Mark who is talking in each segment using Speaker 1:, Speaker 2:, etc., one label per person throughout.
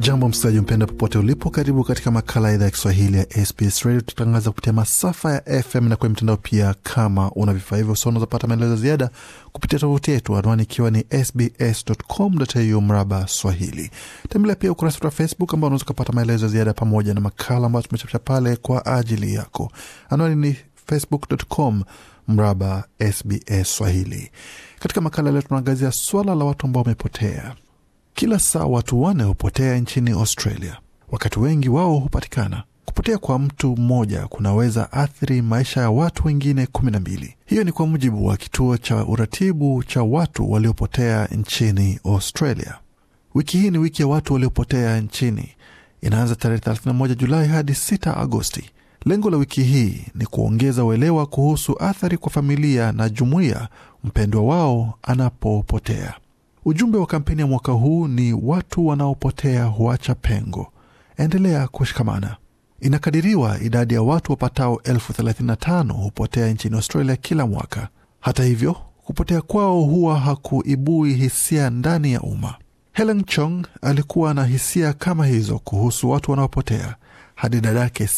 Speaker 1: Jambo msikilizaji mpenda, popote ulipo, karibu katika makala ya idhaa ya Kiswahili ya SBS Radio. Tutangaza kupitia masafa ya FM na kwenye mtandao pia. Kama una vifaa hivyo, so unazopata maelezo ya ziada kupitia tovuti yetu, anwani ikiwa ni sbs.com.au mraba Swahili. Tembelea pia ukurasa wetu wa Facebook ambao unaweza ukapata maelezo ya ziada pamoja na makala ambayo tumechapisha pale kwa ajili yako. Anwani ni facebook.com mraba SBS Swahili. Katika makala leo tunaangazia swala la watu ambao wamepotea kila saa watu wane hupotea nchini Australia. Wakati wengi wao hupatikana. Kupotea kwa mtu mmoja kunaweza athiri maisha ya watu wengine kumi na mbili. Hiyo ni kwa mujibu wa kituo cha uratibu cha watu waliopotea nchini Australia. Wiki hii ni wiki ya watu waliopotea nchini, inaanza tarehe 31 Julai hadi 6 Agosti. Lengo la wiki hii ni kuongeza uelewa kuhusu athari kwa familia na jumuiya mpendwa wao anapopotea. Ujumbe wa kampeni ya mwaka huu ni watu wanaopotea huacha pengo. Endelea kushikamana. Inakadiriwa idadi ya watu wapatao elfu 35 hupotea nchini Australia kila mwaka. Hata hivyo, kupotea kwao huwa hakuibui hisia ndani ya umma. Helen Chong alikuwa na hisia kama hizo kuhusu watu wanaopotea hadi dada yake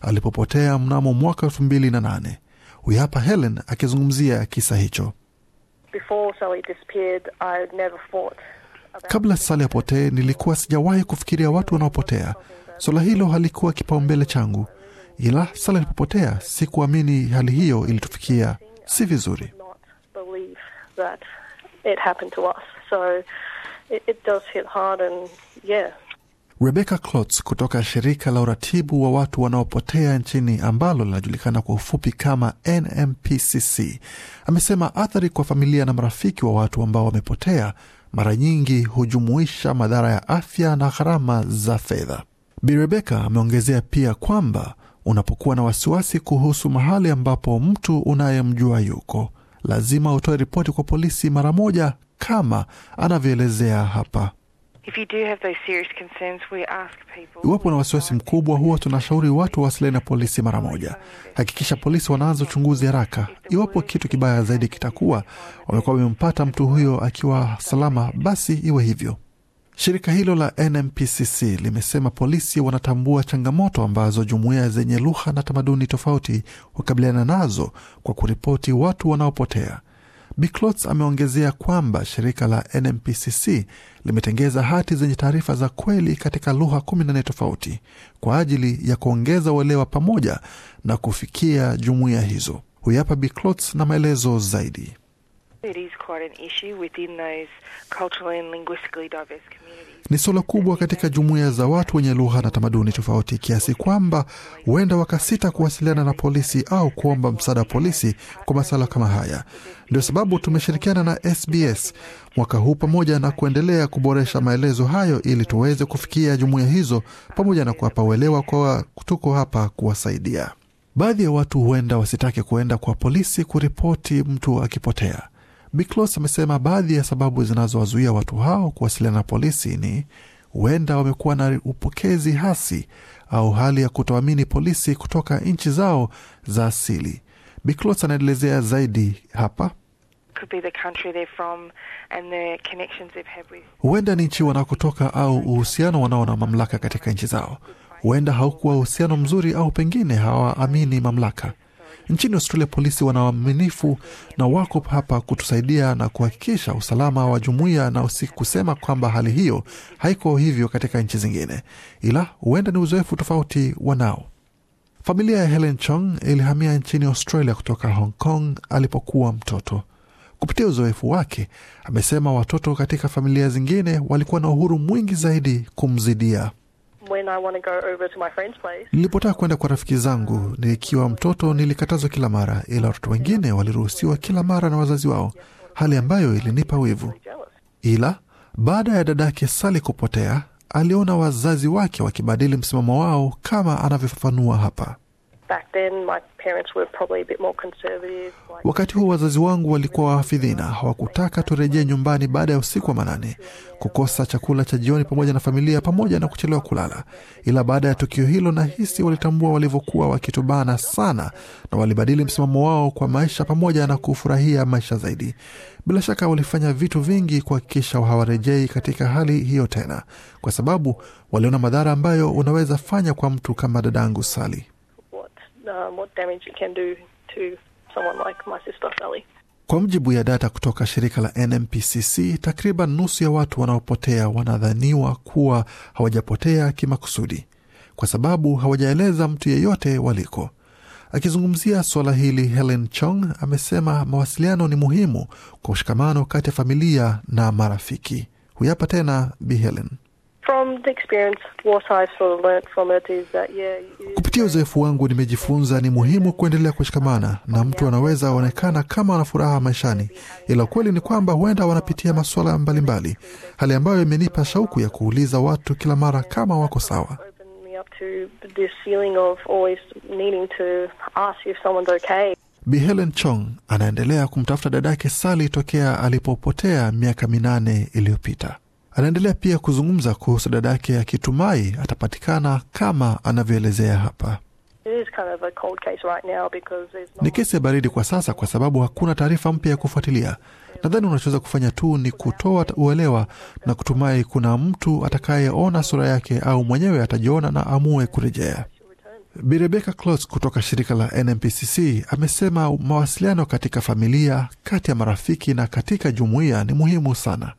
Speaker 1: alipopotea mnamo mwaka 28 Huyu hapa Helen akizungumzia kisa hicho Before Kabla Sali apotee, nilikuwa sijawahi kufikiria watu wanaopotea. Swala hilo halikuwa kipaumbele changu, ila lipopotea si sikuamini hali hiyo ilitufikia. Si vizuri. it does hit hard and yeah. Rebecca Klotz kutoka shirika la uratibu wa watu wanaopotea nchini ambalo linajulikana kwa ufupi kama NMPCC amesema athari kwa familia na marafiki wa watu ambao wamepotea mara nyingi hujumuisha madhara ya afya na gharama za fedha. Bi Rebecca ameongezea pia kwamba unapokuwa na wasiwasi kuhusu mahali ambapo mtu unayemjua yuko, lazima utoe ripoti kwa polisi mara moja, kama anavyoelezea hapa. Iwapo na wasiwasi mkubwa, huwa tunashauri watu wawasiliane na polisi mara moja. Hakikisha polisi wanaanza uchunguzi haraka. Iwapo kitu kibaya zaidi kitakuwa wamekuwa wamempata mtu huyo akiwa salama, basi iwe hivyo. Shirika hilo la NMPCC limesema polisi wanatambua changamoto ambazo jumuiya zenye lugha na tamaduni tofauti hukabiliana nazo kwa kuripoti watu wanaopotea biklots ameongezea kwamba shirika la NMPCC limetengeza hati zenye taarifa za kweli katika lugha 14 tofauti kwa ajili ya kuongeza uelewa pamoja na kufikia jumuiya hizo. Huyapa Bi na maelezo zaidi. Ni suala kubwa katika jumuiya za watu wenye lugha na tamaduni tofauti kiasi kwamba huenda wakasita kuwasiliana na polisi au kuomba msaada wa polisi kwa masuala kama haya. Ndio sababu tumeshirikiana na SBS mwaka huu pamoja na kuendelea kuboresha maelezo hayo ili tuweze kufikia jumuiya hizo pamoja na kuwapa uelewa kwa tuko hapa kuwasaidia. Baadhi ya watu huenda wasitake kuenda kwa polisi kuripoti mtu akipotea. Miklos amesema baadhi ya sababu zinazowazuia watu hao kuwasiliana na polisi ni huenda wamekuwa na upokezi hasi au hali ya kutoamini polisi kutoka nchi zao za asili. Miklos anaelezea zaidi hapa. Huenda ni nchi wanakotoka au uhusiano wanao na mamlaka katika nchi zao. Huenda haukuwa uhusiano mzuri, au pengine hawaamini mamlaka. Nchini Australia, polisi wana na wako hapa kutusaidia na kuhakikisha usalama wa jumuiya, na usikusema kwamba hali hiyo haiko hivyo katika nchi zingine, ila huenda ni uzoefu tofauti wanao. Familia ya Helen Chong ilihamia nchini Australia kutoka Hong Kong alipokuwa mtoto. Kupitia uzoefu wake, amesema watoto katika familia zingine walikuwa na uhuru mwingi zaidi kumzidia. Nilipotaka kwenda kwa rafiki zangu nikiwa mtoto nilikatazwa kila mara, ila watoto wengine waliruhusiwa kila mara na wazazi wao, hali ambayo ilinipa wivu. Ila baada ya dadake Sali kupotea, aliona wazazi wake wakibadili msimamo wao, kama anavyofafanua hapa. Wakati huo wazazi wangu walikuwa wahafidhina, hawakutaka turejee nyumbani baada ya usiku wa manane, kukosa chakula cha jioni pamoja na familia, pamoja na kuchelewa kulala. Ila baada ya tukio hilo, nahisi walitambua walivyokuwa wakitubana sana, na walibadili msimamo wao kwa maisha pamoja na kufurahia maisha zaidi. Bila shaka walifanya vitu vingi kuhakikisha hawarejei katika hali hiyo tena, kwa sababu waliona madhara ambayo unaweza fanya kwa mtu kama dadangu Sali um, what damage it can do to someone like my sister Sally. Kwa mjibu ya data kutoka shirika la NMPCC, takriban nusu ya watu wanaopotea wanadhaniwa kuwa hawajapotea kimakusudi kwa sababu hawajaeleza mtu yeyote waliko. Akizungumzia suala hili, Helen Chong amesema mawasiliano ni muhimu kwa ushikamano kati ya familia na marafiki. Huyapa tena Bi Helen. From the experience, what I've sort of from it is that, yeah, Kupitia uzoefu wangu nimejifunza ni muhimu kuendelea kushikamana na mtu anaweza onekana kama ana furaha maishani, ila ukweli ni kwamba huenda wanapitia masuala mbalimbali, hali ambayo imenipa shauku ya kuuliza watu kila mara kama wako sawa. Bi Helen Chong anaendelea kumtafuta dadake sali tokea alipopotea miaka minane iliyopita. Anaendelea pia kuzungumza kuhusu dada yake akitumai atapatikana kama anavyoelezea hapa. ni kesi ya baridi kwa sasa kwa sababu hakuna taarifa mpya ya kufuatilia. Nadhani unachoweza kufanya tu ni kutoa uelewa na kutumai kuna mtu atakayeona sura yake au mwenyewe atajiona na amue kurejea. Bi Rebecca kutoka shirika la NMPCC amesema mawasiliano katika familia, kati ya marafiki na katika jumuiya ni muhimu sana.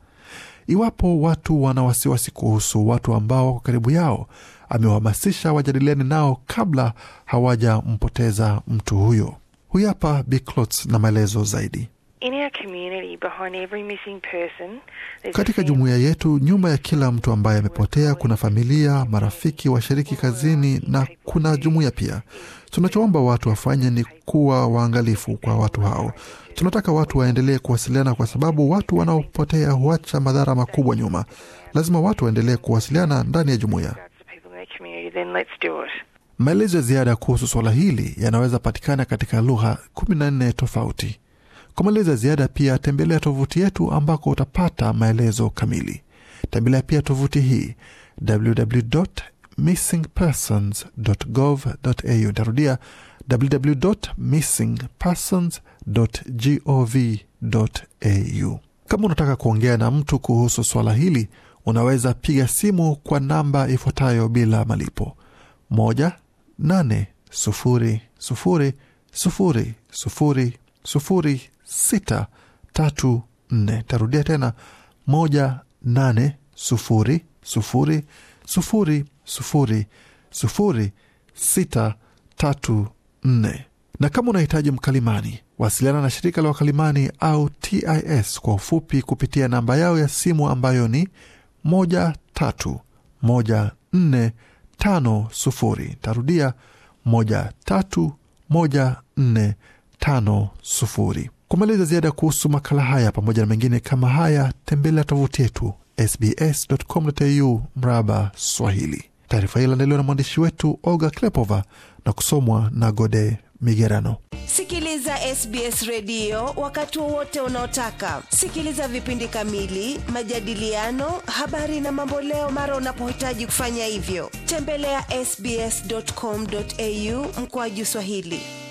Speaker 1: Iwapo watu wana wasiwasi kuhusu watu ambao wako karibu yao, amewahamasisha wajadiliani nao kabla hawajampoteza mtu huyo. Huyapa Biklots na maelezo zaidi. Katika jumuiya yetu, nyuma ya kila mtu ambaye amepotea kuna familia, marafiki, washiriki kazini na kuna jumuiya pia. Tunachoomba watu wafanye ni kuwa waangalifu kwa watu hao. Tunataka watu waendelee kuwasiliana kwa sababu watu wanaopotea huacha madhara makubwa nyuma. Lazima watu waendelee kuwasiliana ndani ya jumuiya. Maelezo ya ziada kuhusu suala hili yanaweza patikana katika lugha 14 nne tofauti. Kwa maelezo ya ziada, pia tembelea tovuti yetu ambako utapata maelezo kamili. Tembelea pia tovuti hii www.missingpersons.gov.au. Nitarudia www.missingpersons.gov.au. Kama unataka kuongea na mtu kuhusu swala hili, unaweza piga simu kwa namba ifuatayo bila malipo: moja nane sufuri sufuri sufuri sufuri sufuri sita tatu nne. Tarudia tena moja nane sufuri sufuri sufuri sufuri sufuri sita tatu nne. Na kama unahitaji mkalimani, wasiliana na shirika la wakalimani au TIS kwa ufupi kupitia namba yao ya simu ambayo ni moja tatu moja nne tano sufuri. Tarudia moja tatu moja nne tano sufuri. Kwa maelezo ziada kuhusu makala haya pamoja na mengine kama haya, tembelea tovuti yetu sbs.com.au mraba Swahili. Taarifa hii iliandaliwa na mwandishi wetu Olga Klepova na kusomwa na Gode Migerano. Sikiliza SBS redio wakati wowote unaotaka. Sikiliza vipindi kamili, majadiliano, habari na mamboleo mara unapohitaji kufanya hivyo. Tembelea ya sbs.com.au mkoaju Swahili.